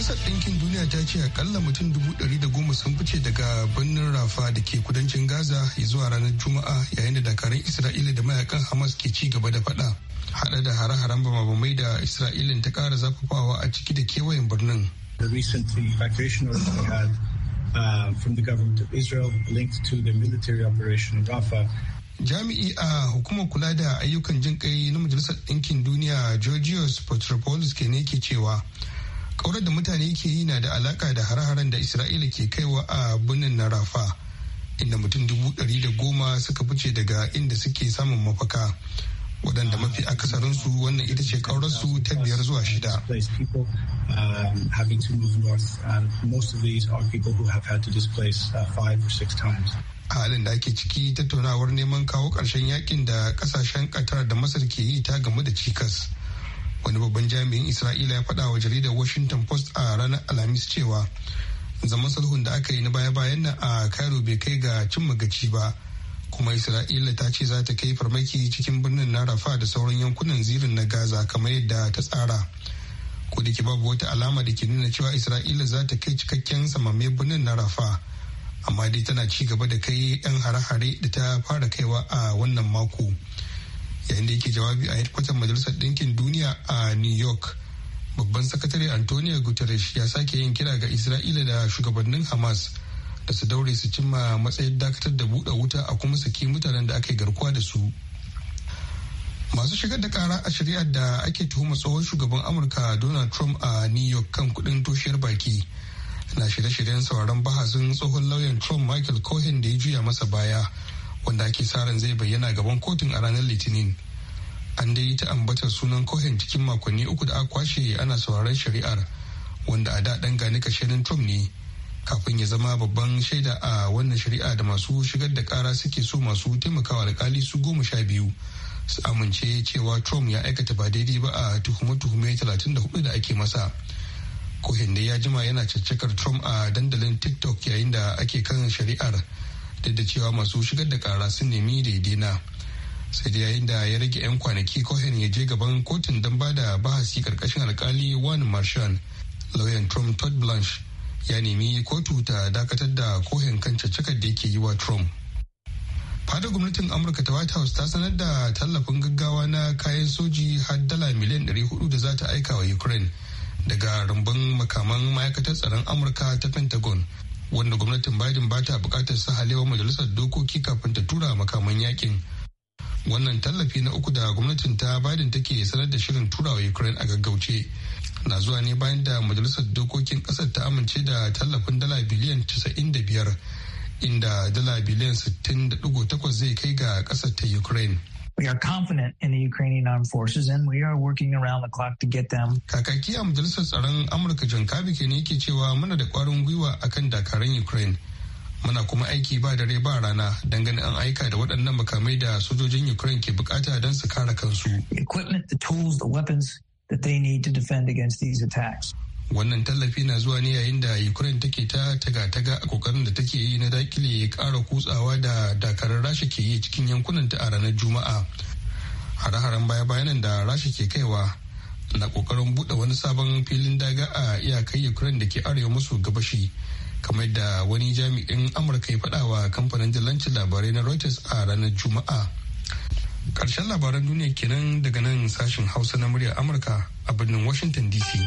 majalisar ɗinkin duniya ta ce akalla mutum dubu ɗari da goma sun fice daga birnin rafa da ke kudancin gaza zuwa ranar juma'a yayin da dakarun isra'ila da mayakan hamas ke ci gaba da faɗa hada da hare-haren bamabamai da isra'ilin ta kara zafafawa a ciki da kewayen birnin evacuation uh, military operation Jami'i a hukumar kula da ayyukan jin kai na Majalisar Ɗinkin Duniya Georgios Petropoulos ke ne ke cewa kaurar da mutane ke yi na da alaka da har-haren da isra'ila ke kaiwa a birnin na rafa inda mutum dubu ɗari da goma suka fice daga inda suke samun mafaka waɗanda mafi akasarinsu wannan ita ce ƙaurarsu ta biyar zuwa shida um, uh, a halin da ake ciki tattaunawar neman kawo ƙarshen yakin da ƙasashen ƙatar da masar ke yi ta gamu da cikas wani babban jami'in isra'ila ya faɗa wa jaridar washington post a ranar alhamis cewa zaman sulhun da aka yi na baya-bayan nan a cairo bai kai ga cimma magaci ba kuma isra'ila ta ce za ta kai farmaki cikin birnin na rafa da sauran yankunan zirin na gaza kamar yadda ta tsara ko da ke babu wata alama da ke nuna cewa isra'ila za ta kai cikakken samame birnin na rafa amma dai tana ci gaba da kai yan hare-hare da ta fara kaiwa a wannan mako. yayin da yake jawabi a hedkwatar majalisar ɗinkin duniya a new york babban sakatare antonio guterres ya sake yin kira ga isra'ila da shugabannin hamas da su daure su cimma matsayin dakatar da buɗe wuta a kuma saki mutanen da aka yi garkuwa da su masu shigar da kara a shari'ar da ake tuhuma tsohon shugaban amurka donald trump a new york kan kudin toshiyar baki na shirye-shiryen sauraron bahasin tsohon lauyan trump michael cohen da ya juya masa baya wanda ake sa ran zai bayyana gaban kotun a ranar litinin an dai ta ambatar sunan kohen cikin makonni uku da aka kwashe ana sauraron shari'ar wanda a da dan gani kashenin trump ne kafin ya zama babban shaida a wannan shari'a da masu shigar da kara suke so masu taimakawa alkali su goma sha biyu su amince cewa trump ya aikata ba daidai ba a tuhume-tuhume 34 da ake masa kohen dai ya jima yana caccakar trump a dandalin tiktok yayin da ake kan shari'ar duk da cewa masu shigar da kara sun nemi daidaina sai dai yayin da ya rage 'yan kwanaki cohen ya je gaban kotun don ba da bahasi karkashin alkali wan marshan lauyan trump todd blanche ya nemi kotu ta dakatar da cohen kan caccakar da yake yi wa trump fada gwamnatin amurka ta white house ta sanar da tallafin gaggawa na kayan soji har dala miliyan 400 da za ta aika wa ukraine daga rumbun makaman ma'aikatar tsaron amurka ta pentagon wanda gwamnatin Biden ba ta bukatar halewa majalisar dokoki kafin ta tura makaman yakin. Wannan tallafi na uku da gwamnatin ta Biden take sanar da shirin turawa Ukraine a gaggauce. Na zuwa ne bayan da majalisar dokokin kasar ta amince da tallafin dala biliyan 95 inda dala biliyan 60.8 zai kai ga kasar ta Ukraine. We are confident in the Ukrainian armed forces and we are working around the clock to get them. Kakaki a majalisar tsaron Amurka John Kirby ke ne yake cewa muna da kwarin gwiwa akan dakarun Ukraine. Muna kuma aiki ba dare ba rana dangane an aika da waɗannan makamai da sojojin Ukraine ke bukata don su kare kansu. Equipment, the tools, the weapons that they need to defend against these attacks. wannan tallafi na zuwa ne yayin da ukraine take ta taga-taga a kokarin da take yi na dakile kara kutsawa da dakarar rasha ke yi cikin yankunanta a ranar juma'a hare-haren baya-bayanan da rasha ke kaiwa na kokarin buɗe wani sabon filin daga a iyakai ukraine da ke arewa masu gabashi kamar da wani jami'in amurka ya faɗa wa kamfanin jallancin labarai na reuters a ranar juma'a ƙarshen labaran duniya kenan daga nan sashen hausa na muryar amurka a birnin washington dc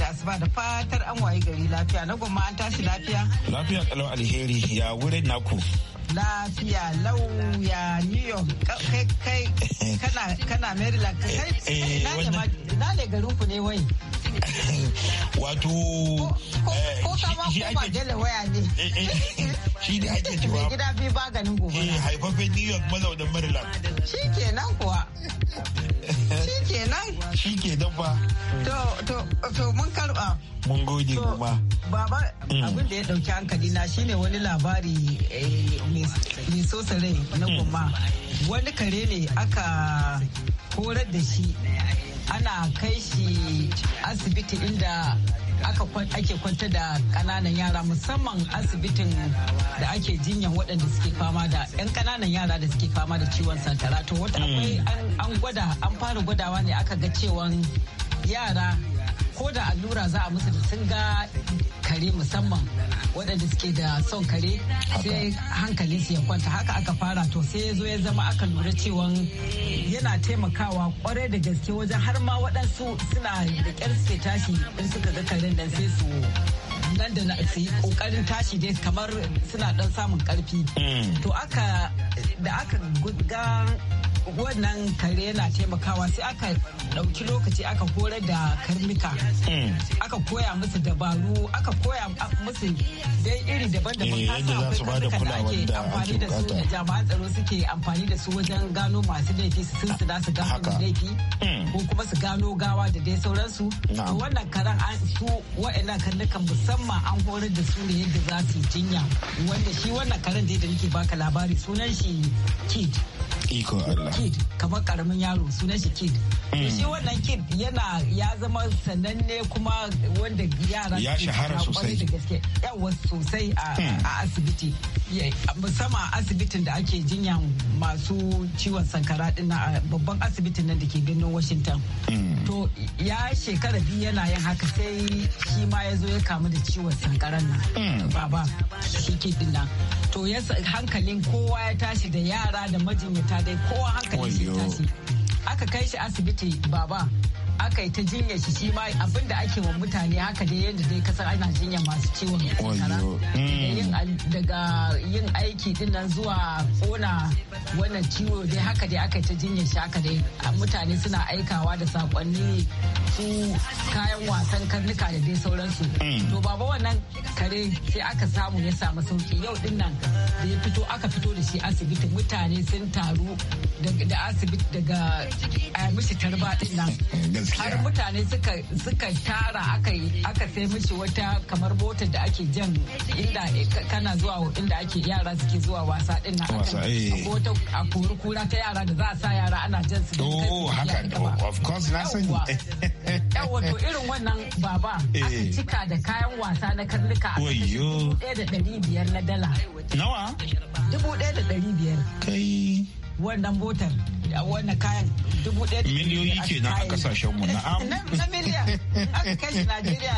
da asuba da fatar an waye gari lafiya na gwamma an tashi lafiya. Lafiya kalau alheri ya wuri naku. lafiya lauya new york kai kai kana kana maryland kai eh, na ne garin ku ne wai wato ko eh, kama ko ba jele waya ne eh, shi da ake cewa gida bi ba ganin gobe eh haifafen new york mazaunin maryland shi kenan kuwa shi kenan shi ke dabba. To, to, to mun karba. Mun gode kuma. Baba, mm. abin da ya ɗauki hankali na shi ne wani labari eh, mai sosa rai na mm. goma Wani kare ne aka horar da shi ana kai shi asibiti inda ake kwanta da kananan yara musamman asibitin da ake jinyan waɗanda suke fama da 'yan kananan yara da suke fama da ciwon santara to wata hmm. akwai an gwada an fara gwadawa ne aka ga cewan yara ko da allura za a musu da sun ga kare musamman waɗanda suke da son kare sai hankali su ya kwanta haka aka fara to sai ya zo ya zama aka lura cewa yana taimakawa kwarai da gaske wajen har ma waɗansu suna da ƙyar suke tashi in suka ga karen nan sai su nan da su yi kokarin tashi dai kamar suna dan samun karfi mm. to aka da aka ga wannan kare yana taimakawa sai aka ɗauki lokaci aka horar da karnuka hmm. aka koya musu dabaru aka koya musu dai iri daban-daban eh, kasa akwai da ake amfani da su da jama'an tsaro suke amfani da su wajen gano masu laifi su sun su da su gano da laifi hmm. ko kuma su gano gawa da dai sauransu to wannan karan an su wa'annan karnukan musamman an horar da su ne yadda za su jinya wanda shi wannan karen da nake baka labari sunan shi kid Iko Allah. Kid, kamar karamin yaro sunan shi kid. Mm. Shi wannan kid yana ya zama sananne kuma wanda yara ya shahara sosai. Yawa sosai a mm. asibiti. musamman asibitin da ake jinya masu ciwon sankara din a babban asibitin nan da ke birnin washington mm. to ya shekara biyu yana yin haka sai shi ma ya zo ya kamu da ciwon sankaran nan mm. baba shi ke dinnan to ya hankalin kowa ya tashi da yara da majinyata dai kowa hankalin shi ya tashi aka kai shi asibiti baba aka yi ta jinya shi shi ma abin da ake wa mutane haka dai yadda dai kasar ana jinya masu ciwon kankara hmm. daga yin aiki din zuwa kona wannan ciwo dai haka dai aka yi ta jinya shi haka dai mutane suna aikawa da sakonni su kayan wasan karnuka da dai sauransu hmm. to baba wannan kare sai aka samu ya samu sauki yau din nan da ya fito aka fito da shi asibiti mutane sun taru da asibiti daga mishi tarba din nan har mutane suka tara aka sai mishi wata kamar bota da ake jan inda kana zuwa inda ake yara suke zuwa wasa din nan eh. wata a kori kura ta yara da za a sa yara ana jan su oh, oh, yawa to irin wannan baba aka eh. cika da kayan wasa na karnuka a ɗaya da ɗari biyar na dala nawa nawa? Dubu ɗaya da ɗari biyar. Kai. Wannan motar. wannan kayan dubu ɗaya da miliyoyi ke nan a kasashen mu na miliyan aka kashe Najeriya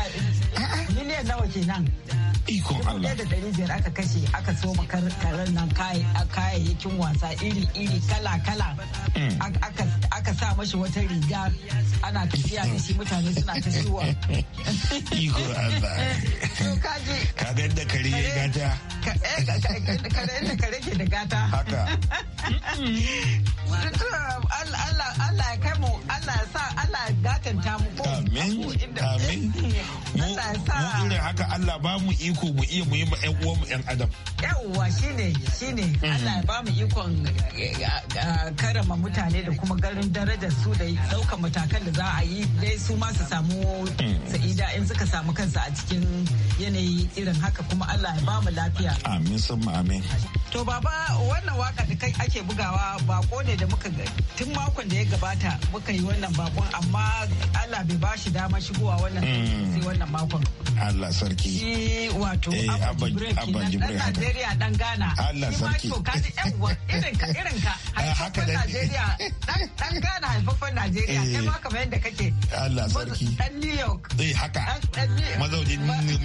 miliyan nawa ke nan ikon Allah da ɗari biyar aka kashe aka so karen nan kayayyakin wasa iri iri kala kala mm. aka aka sa mashi wata riga ana tafiya da shi mutane suna ta shiwa iko Allah ka ga inda kare ya gata kare eh, inda kare ke da gata haka Allah ya kai mu Allah ya sa Allah ya gatanta mu ko amin amin mu irin haka Allah ba mu iko mu iya mu yi ma ƴan uwan mu ƴan adam yawwa shi ne mm. Allah ba mu ikon eh, karama mutane da kuma garin darajar su da ɗaukar matakan da za a yi dai su ma su samu mm. sa'ida in suka samu kansu a cikin yanayi irin haka kuma Allah ya ba mu lafiya amin mu amin to baba wannan waka da kai ake bugawa bako ne da muka tun makon da ya gabata muka yi wannan bakon amma Allah bai ba shi dama shigowa wannan mm. wannan wannan makon. Allah sarki. Shi wato eh, Abba Najeriya dan sarki. Shi ma to kaji irin ka dan ah, Ghana haifafan Najeriya eh. kai ma kamar yadda kake. Allah sarki. Dan New York. Eh haka.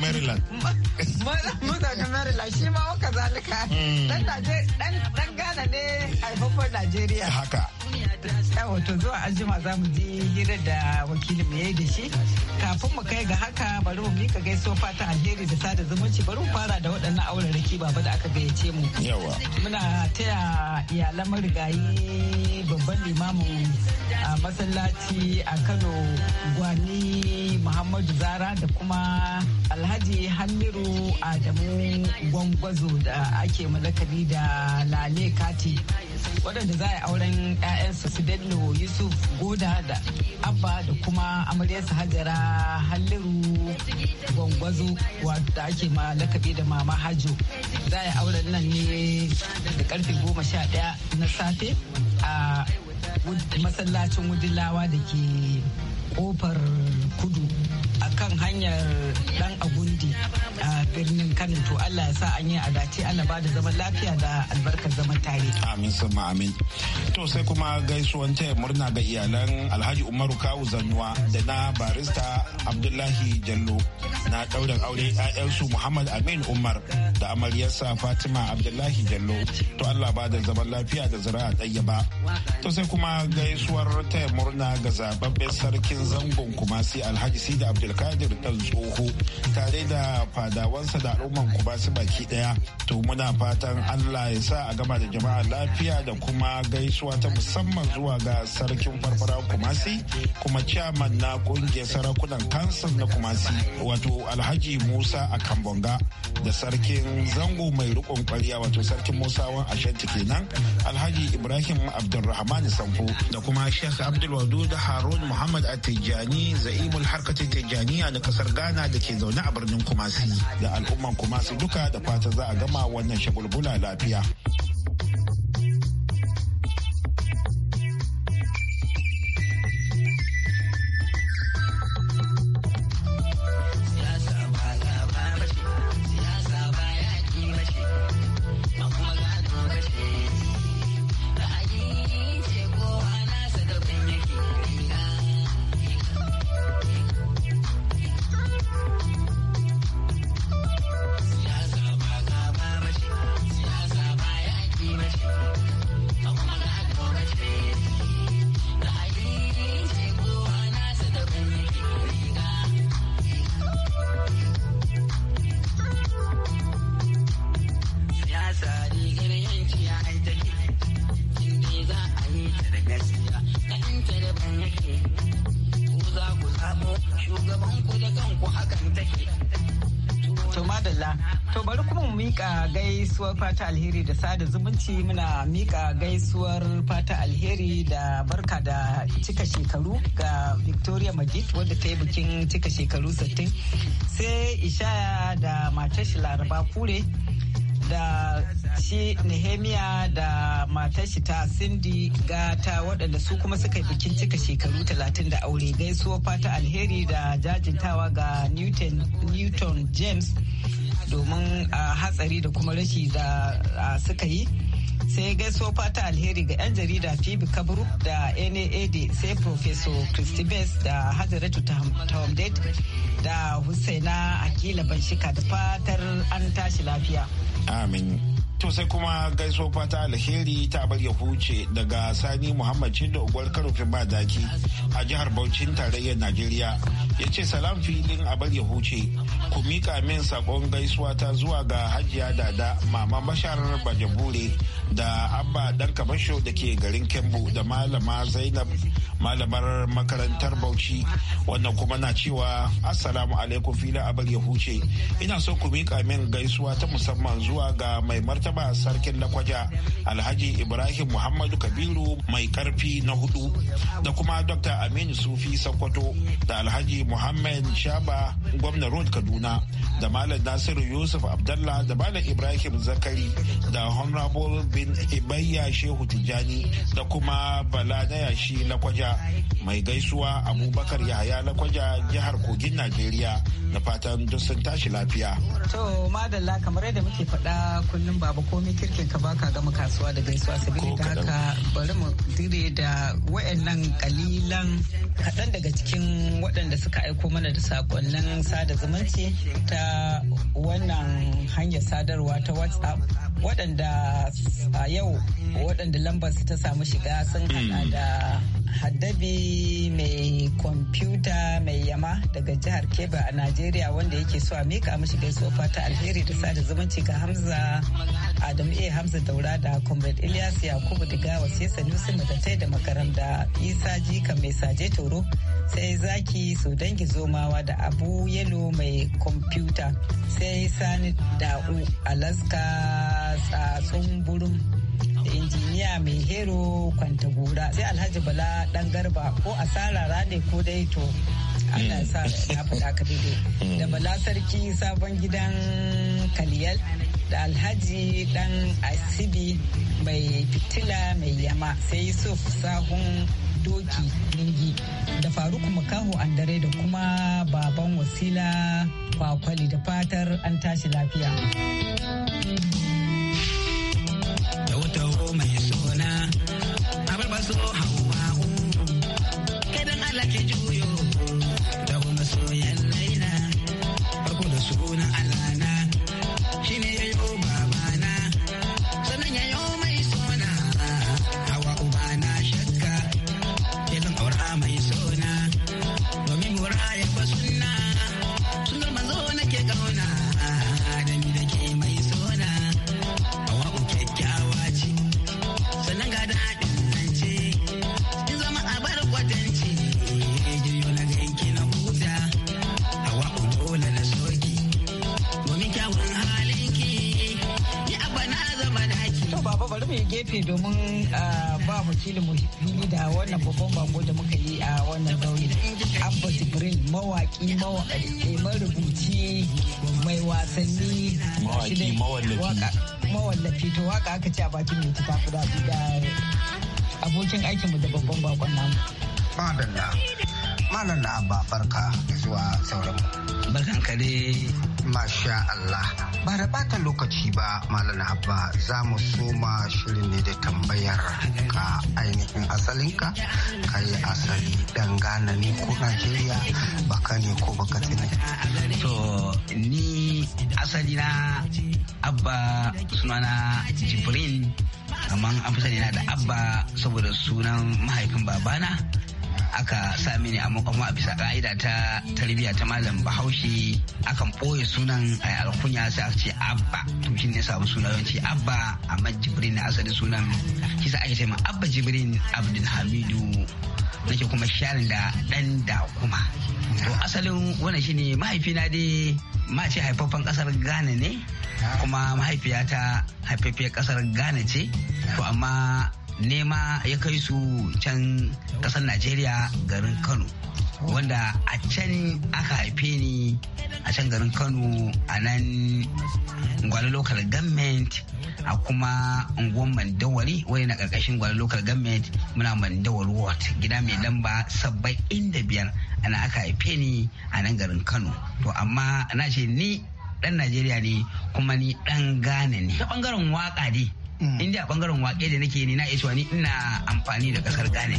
Maryland. Maryland shi ma haka zalika. Dan hmm. Ghana ne haifafan Najeriya. to zuwa anjima za mu ji hira da wakilin mu yayi da shi kafin mu kai ga haka bari mu mika gaisuwa fata alheri da sada zumunci bari mu fara da waɗannan auren raki baba da aka gayyace mu yawa muna taya iyalan marigayi babban limamin a masallaci a Kano Gwani Muhammadu Zara da kuma Alhaji Hamiru Adamu Gwangwazo da ake malakari da Lale Kati waɗanda za a yi auren 'ya'yansu su bello yusuf goda da abba da kuma amaryarsa hajara halliru gwangwazo wadda ake ma lakabi da mama hajo za a yi auren nan ne da karfe goma sha ɗaya na safe a masallacin wudilawa da ke kofar kudu a kan hanyar dan agundi a birnin Kano to Allah ya sa an yi a dace Allah ba da zaman lafiya da albarkar zaman tare. Amin ma amin. To sai kuma gaisuwan taya murna ga iyalan Alhaji Umaru Kawu Zanuwa da na barista Abdullahi Jallo na ɗaurin aure 'ya'yansu Muhammad Amin Umar da amaryarsa Fatima Abdullahi Jallo. To Allah ba da zaman lafiya da zara'a ɗaya ba. To sai kuma gaisuwar taya murna ga zababben sarkin zangon Kumasi Alhaji Sidi Abdulkadir Ɗan Tsoho tare da fadawa shugabansa da al'umman su baki daya. To muna fatan Allah ya sa a gama da jama'a lafiya da kuma gaisuwa ta musamman zuwa ga sarkin farfara Kumasi kuma chairman na kungiyar sarakunan kansan na Kumasi wato Alhaji Musa a Kambonga da sarkin zango mai rikon kwariya wato sarkin Musawan Ashanti kenan Alhaji Ibrahim Abdulrahman Sanfo da kuma Sheikh Abdul Wadud Harun Muhammad Atijani za'imul harkatin Tijjaniya na kasar Ghana da ke zaune a birnin Kumasi. da al'umman kuma su duka da fata za a gama wannan shagulgula lafiya. gaisuwar fata alheri da sada zumunci muna mika gaisuwar fata alheri da barka da cika shekaru ga victoria magid wadda ta yi bikin cika shekaru 60 sai ishaya da matar shi laraba kure da shi nehemiya da matar shi ta sindi gata waɗanda su kuma suka yi bikin cika shekaru 30 da aure gaisuwar fata alheri da jajintawa ga newton james domin a hatsari da kuma rashi da suka yi sai gaiso fata alheri ga 'yan jarida phoebe kabru da naad sai professor christy best da hajjaratu tawamdet da husaina akila banshika da fatar an tashi lafiya amin To sai kuma gaiso fata alheri ta bar ya huce daga Sani Muhammad Chindo Ugwal Karufin Badaki a jihar Bauchin tarayyar Najeriya. Ya ce salam filin a bar ya huce. Ku mika min sakon gaisuwa ta zuwa ga Hajiya Dada Mama Bashar Bajabure da Abba Dan Kamasho da ke garin Kembu da Malama Zainab malamar makarantar bauchi wannan kuma na cewa assalamu alaikum fila abar ya huce ina so ku miƙa min gaisuwa ta musamman zuwa ga mai martaba sarkin lakwaja alhaji ibrahim muhammadu kabiru mai karfi na hudu da kuma dr aminu sufi sokoto da alhaji muhammad shaba gwamnan road kaduna da Malam Nasiru Yusuf Abdallah da Malam Ibrahim Zakari da Honorable bin Ibayya Shehu Tijjani da kuma Bala na yashi Lakwaja mai gaisuwa Abubakar Yahaya Lakwaja jihar Kogin Najeriya da fatan duk sun tashi lafiya. To madalla kamar yadda muke faɗa kullum babu komai kirkin ka baka gama kasuwa da gaisuwa sabili haka bari mu dire da wayannan kalilan kaɗan daga cikin waɗanda suka aiko mana da sakonnin sada zumunci ta wannan hanyar sadarwa ta whatsapp waɗanda a yau waɗanda lambar su ta samu shiga sun hada hmm. da haddabi mai kwamfuta mai yama daga jihar keba a najeriya wanda yake so a mika mishi gaisuwa fata alheri da sada zumunci ga hamza adam a hamza daura da comrade ilyas yakubu diga wasu sanusi da makaram da isa jika mai saje toro sai zaki so dangi zomawa da abu yalo mai kwamfuta sai sani da'u alaska tsatsun burin da injiniya mai hero kwanta gora sai alhaji bala dan garba ko asarara ne ko dai to sa na faɗa ka da bala sarki sabon gidan kaliyal da alhaji dan asibi mai fitila mai yama sai yusuf sahun doki ningi da faruk makaho andare da kuma baban wasila kwakwali da fatar an tashi lafiya. so wakilin mu yi da wannan babban bango da muka yi a wannan kauye abba jibrin mawaki eh, marubuci mai wasanni mawaki mawallafi to waka aka ci a bakin mai tuka guda da abokin aikinmu da babban bakon namu madalla madalla abba farka zuwa sauran barkan ka dai masha Allah ba da bata lokaci ba malam abba za mu soma shirin ne da tambayar ka ainihin asalinka ka yi asali dan ghana ne ko najeriya baka ne ko baka tsini to ni asali na abba sunana jibrin amma an fi sani na da abba saboda sunan mahaifin babana aka sa mini a makon a bisa ka'ida ta tarbiyya ta malam bahaushe akan ɓoye sunan a alkunya sai aka ce abba to shi ne samu suna yawanci abba amma jibrin na asalin sunan kisa ake sai ma abba jibrin abdul hamidu nake kuma sharin da dan da kuma to asalin wannan shine mahaifina dai ma ce haifaffen kasar ghana ne kuma mahaifiyata haifaffiyar kasar ghana ce to amma nema ya kai su can kasar najeriya garin kano wanda a can aka haife ni a can garin kano a nan gwale local government a kuma unguwan mandawari wani na karkashin gwale local government muna mandawar ward gida mai lamba sabbai inda biyar ana aka haife ni a nan garin kano to amma na ce ni dan najeriya ne kuma ni dan ghana ne ta bangaren waka ne Mm. in a bangaren wake da nake ne na iya ni ina amfani da kasar Ghana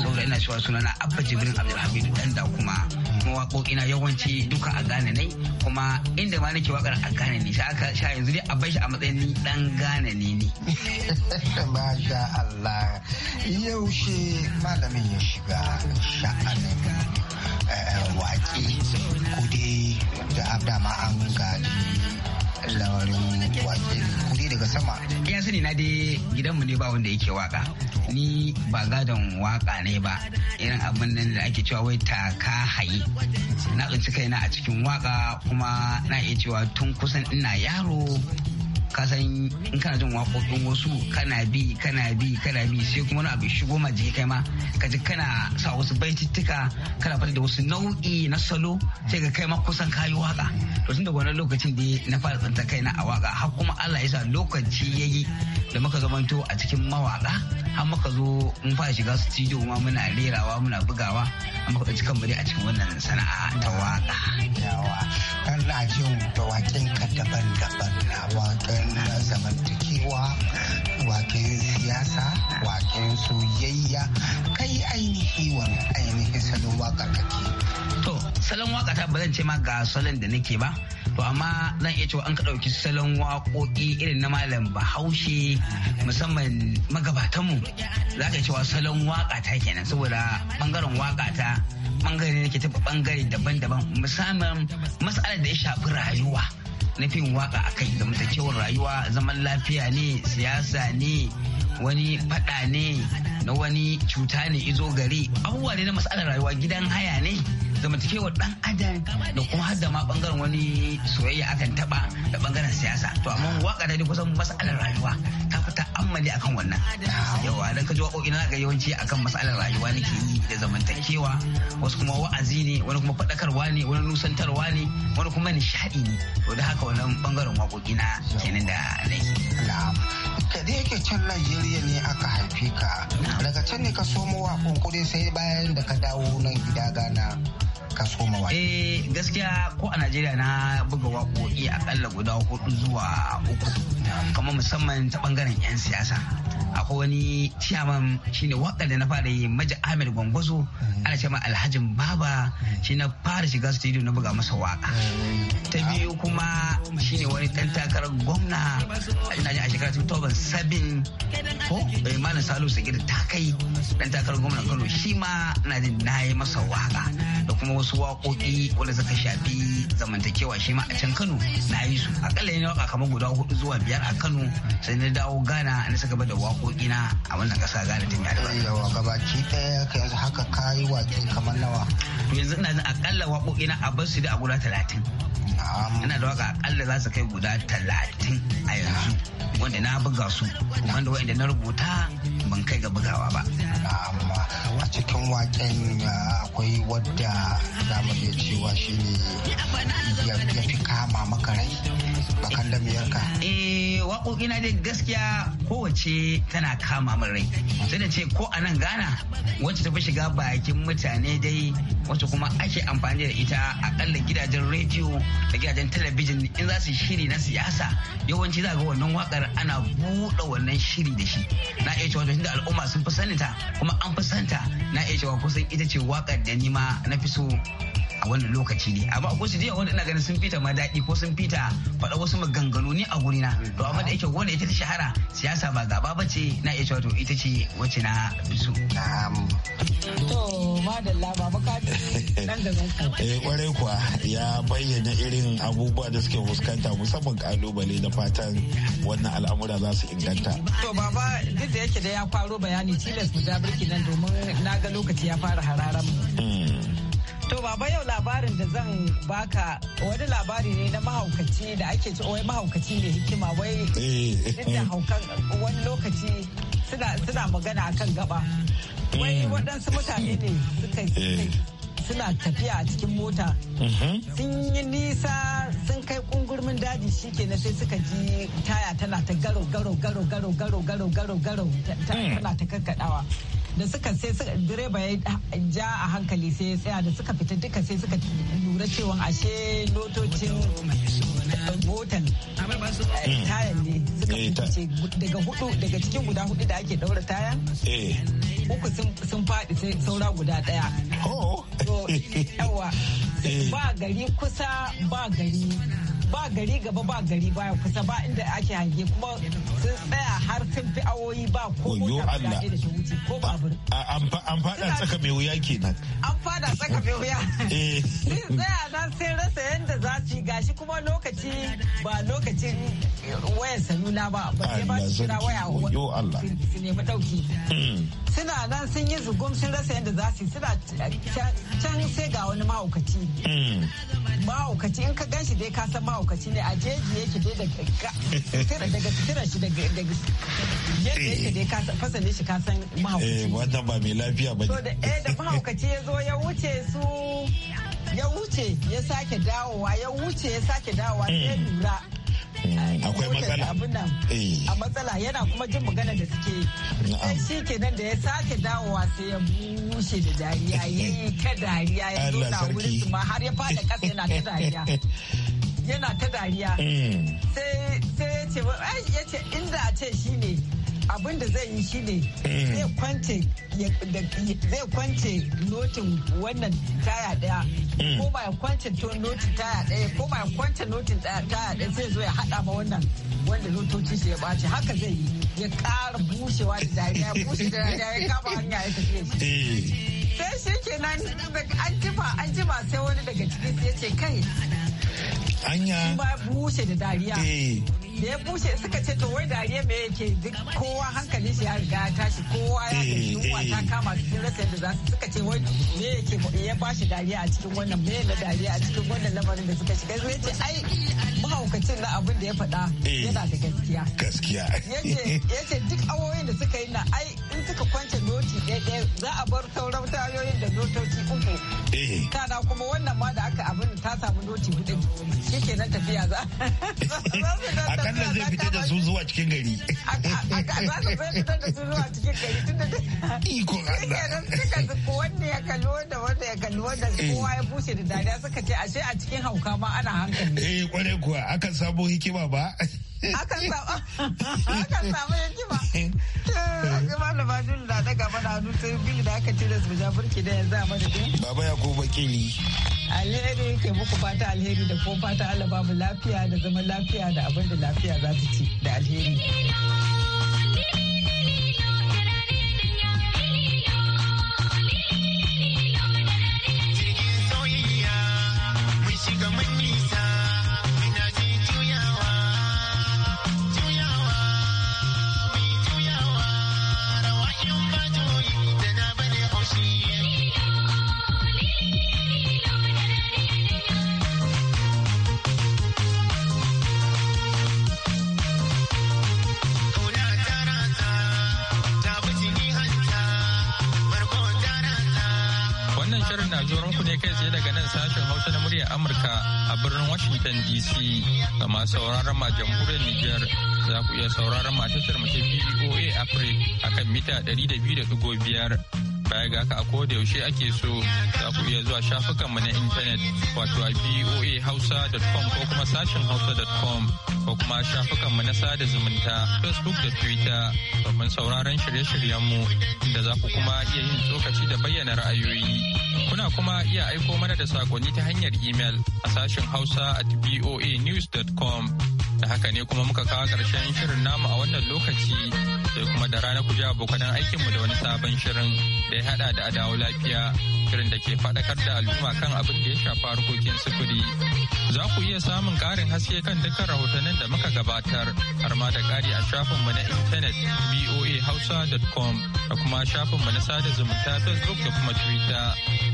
saboda ina cewa suna na Abba Jibrin Abdulhamid dan da kuma waƙoƙi na yawanci duka a Ghana ne kuma inda ma nake wakar a Ghana ne sai aka sha yanzu dai Abba shi a matsayin ni dan Ghana ne ni masha Allah shi malamin ya shiga sha'anin eh, waƙe ko dai da ma an gane lamarin wake kudi daga sama ya sani na dai gidanmu ne ba wanda yake waka ni ba gadon waka ne ba irin abin nan da ake cewa wai taka haye na tsinci kaina a cikin waka kuma na iya cewa tun kusan ina yaro ka san in kana jin waƙoƙin wasu kana bi kana bi kana bi sai kuma wani abu shigo ma jiki kai ma ka ji kana sa wasu baitittuka kana fara da wasu nau'i na salo sai ka kai ma kusan kayi waka to tun da wannan lokacin da na fara tsanta na a waka har kuma Allah ya sa lokaci yayi da muka zamanto a cikin mawaka har muka zo mun fara shiga studio ma muna rerawa muna bugawa amma kuɗa cikin dai a cikin wannan sana'a ta waka. Yawa, jin da ka daban-daban na waƙa na zamantakewa waken siyasa waken soyayya kai ainihi wani ainihin salon waka kake to salon waka ta ba zan ce ma ga salon da nake ba to amma zan iya cewa an ka ɗauki salon waƙoƙi irin na malam bahaushe musamman magabatanmu za ka cewa salon waka ta kenan saboda ɓangaren waka ta ɓangare nake taɓa ɓangare daban-daban musamman matsalar da ya shafi rayuwa nufin waka a kai zamantakewar rayuwa zaman lafiya ne siyasa ne wani fada ne na wani cuta ne izo gari abubuwa ne na matsalar rayuwa gidan haya ne zamantakewar dan adam da kuma har ma bangaren wani soyayya akan taba da bangaren siyasa to amma waka da kusan matsalar rayuwa ta fita ta'ammali akan wannan yawa dan kaji waƙoƙi na ga yawanci akan masalar rayuwa nake yi da zamantakewa wasu kuma wa'azi ne wani kuma faɗakarwa ne wani nusantarwa ne wani kuma nishaɗi ne to da haka wannan bangaren waƙoƙi na kenan da nake ka da yake can Najeriya ne aka haife ka daga can ne ka somo wa kuɗi sai bayan da ka dawo nan gida gana. ka soma wa eh gaskiya ko a Najeriya na buga waƙoƙi ƙalla guda hudu zuwa uku kamar musamman ta bangaren 'yan siyasa akwai wani ciyaman shine waƙar da na fara yi maji ahmed gwangwazo mm-hmm. ana ce ma alhajin baba mm-hmm. shi na fara shiga studio na buga masa waƙa mm-hmm. ta biyu kuma shine wani ɗan takarar gwamna ina a shekara 2007 ko eh, malam Salisu Gida ta kai ɗan takarar gwamna kano shi ma na na yi masa waƙa da kuma wasu wasu waƙoƙi wanda suka shafi zamantakewa shi ma a can Kano na yi su akalla ne waka kamar guda hudu zuwa biyar a Kano sai na dawo Ghana na saka da waƙoƙi na a wannan ƙasa Ghana ta da ba. Yawa gabaki ɗaya ka yanzu haka ka yi waƙi kamar nawa. To yanzu ina akalla waƙoƙi na a basu da a guda talatin. ina da waka akalla za su kai guda talatin a yanzu wanda na buga su wanda wanda na rubuta ban kai ga bugawa ba a cikin waken akwai wadda za mu iya cewa ne ya fi kama makarai rai bakan da miyarka eh wako na dai gaskiya kowace tana kama min rai sai da ce ko a nan gana wacce ta fi shiga bakin mutane dai wacce kuma ake amfani da ita akalla gidajen rediyo da gidajen talabijin in za su shiri na siyasa yawanci za ga wannan wakar ana buɗe wannan shiri da shi na iya cewa da al'umma sun fi sanita kuma an fi santa na iya cewa kusan ita ce wakar da ni ma na fi so a wannan lokaci ne amma ko su je wanda ina ganin sun fita ma daɗi ko sun fita faɗa wasu maganganu ne a guri na to amma da yake wanda ita ta shahara siyasa ba gaba ba ce na iya cewa to ita ce wacce na bisu. to madalla da eh kwarai kuwa ya bayyana irin abubuwa da suke fuskanta musamman kalubale da fatan wannan al'amura za su inganta. to baba duk da yake da ya faro bayani tilas mu ja birki nan domin na ga lokaci ya fara hararan mu. Hmm. To baba yau labarin da zan baka wani labari ne na mahaukaci da ake ci wai mahaukaci ne hikima wai inda eh. haukan wani lokaci suna magana akan gaba. Mm. Wai waɗansu mutane ne suka eh. suna tafiya a cikin mota mm-hmm. sun yi nisa sun kai kungurmin daji shi ke sai suka ji taya tana ta garo garo garo garo garo garo garo garo mm. tana ta kakkadawa da suka sai direba ya ja a hankali sai ya tsaya da suka fita duka sai suka lura cewa ashe lotocin motan tayan ne suka eh, fice daga hudu daga cikin guda hudu da ake daura tayan eh. uku sun faɗi sai saura guda daya oh. yawa eh. ba gari kusa ba gari ba gari gaba ba gari baya kusa ba inda ake hange kuma sun tsaya da'awoyi ba ko mota ba da wuce ko babur. An fada tsaka mai wuya kenan. An fada tsaka mai wuya. Eh. Tsaya na sai rasa yadda za ci gashi kuma lokaci ba lokacin wayar salula ba. Ba sai ba waya. Yo Allah. suna nan sun yi zugum sun rasa yadda za su yi suna can sai ga wani mahaukaci hmm. mahaukaci in ka gan shi dai ka san mahaukaci ne a jeji yake dai daga tira shi daga yadda eh. yake dai ka fasa ne shi ka san mahaukaci eh wannan ba mai lafiya ba ne eh, da mahaukaci ya zo ya wuce su ya wuce ya sake dawowa ya wuce ya sake dawowa sai hmm. lura Eh. akwai matsala eh. a matsala yana kuma jin magana da suke sai eh, shi kenan da ya sake dawowa sai ya bushe da dariya yi ta dariya ya zo na wurin su ma har ya fada kasa yana ta dariya yana ta dariya sai ya ce inda a ce shi ne abin da eh. zai yi shi ne zai kwance notin wannan taya daya eh. ko ba ya kwance notin taya daya ko ba ya kwance notin taya daya zai zo ya hada ma wannan wanda notoci shi ya bace haka zai yi ya ƙara bushewa da dariya bushe da dariya ya kama hanya ya tafi eh. sai shi kenan an jima an jima sai wani daga cikin ya ce kai anya ba bushe da dariya eh. da ya bushe suka ce to wai dariya me yake duk kowa hankali shi ya riga ya tashi kowa ya gaji eh, yunwa ta eh. kama cikin rasa yadda za su suka ce wai me yake ya bashi dariya a cikin wannan me na dariya a cikin wannan lamarin da suka shiga zai ce ai mahaukacin na abin da ya faɗa yana da gaskiya gaskiya yace duk awoyin da suka yi na ai in suka kwance noti daidai za a bar sauran tayoyin da notoci uku. Eh. Kana kuma wannan ma da aka abin ta samu noti hudu shi ke nan tafiya za. zai da su zuwa cikin zai fitar da su zuwa cikin gari Iko Allah. Suka wanda ya kalli wanda wanda ya kalli wanda eh. kowa ya bushe da dariya suka ce ashe a cikin hauka ma ana hankali. Eh kwarai kuwa akan samu hikima ba. Akan samu hikima. sai malama dole na daga mana hannu sai biyu da aka tilas mu ja burki da yanzu a madadin baba ya ko bakili alheri ke muku fata alheri da ko fata Allah babu lafiya da zaman lafiya da abin da lafiya za ta ci da alheri ne kai tsaye daga nan sashen Hausa na muryar Amurka a birnin Washington DC ga masu sauraron ma jamhuriyar Nijar za ku iya sauraron ma tashar mu ta VOA Africa akan mita 200.5 ga ka a koda yaushe ake so za ku iya zuwa shafukanmu na intanet wato a hausa.com ko kuma sashen hausa.com ko kuma shafukanmu na sada zumunta facebook da twitter domin sauraron shirye-shiryenmu inda za ku kuma iya yin tsokaci da bayyana ra'ayoyi kuna kuma iya aiko mana da sakonni ta hanyar email a sashen hausa at voanews.com da haka ne kuma muka kawo ƙarshen shirin namu a wannan lokaci sai kuma da rana ku ji abokan mu da wani sabon shirin da ya hada da adawo lafiya shirin da ke faɗakar da al'umma kan abin da ya shafa harkokin sufuri. Za ku iya samun ƙarin haske kan dukkan rahotannin da muka gabatar har ma da ƙari a shafinmu na intanet voahausa.com da kuma shafinmu na sada zumunta Facebook da kuma Twitter.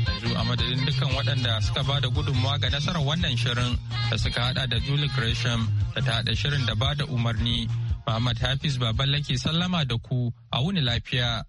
Yanzu a madadin dukkan waɗanda suka ba da gudunmawa ga nasarar wannan shirin da suka haɗa da Julie Gresham da ta haɗa shirin da ba da umarni Muhammad Hafiz baballe ke sallama da ku a wuni lafiya.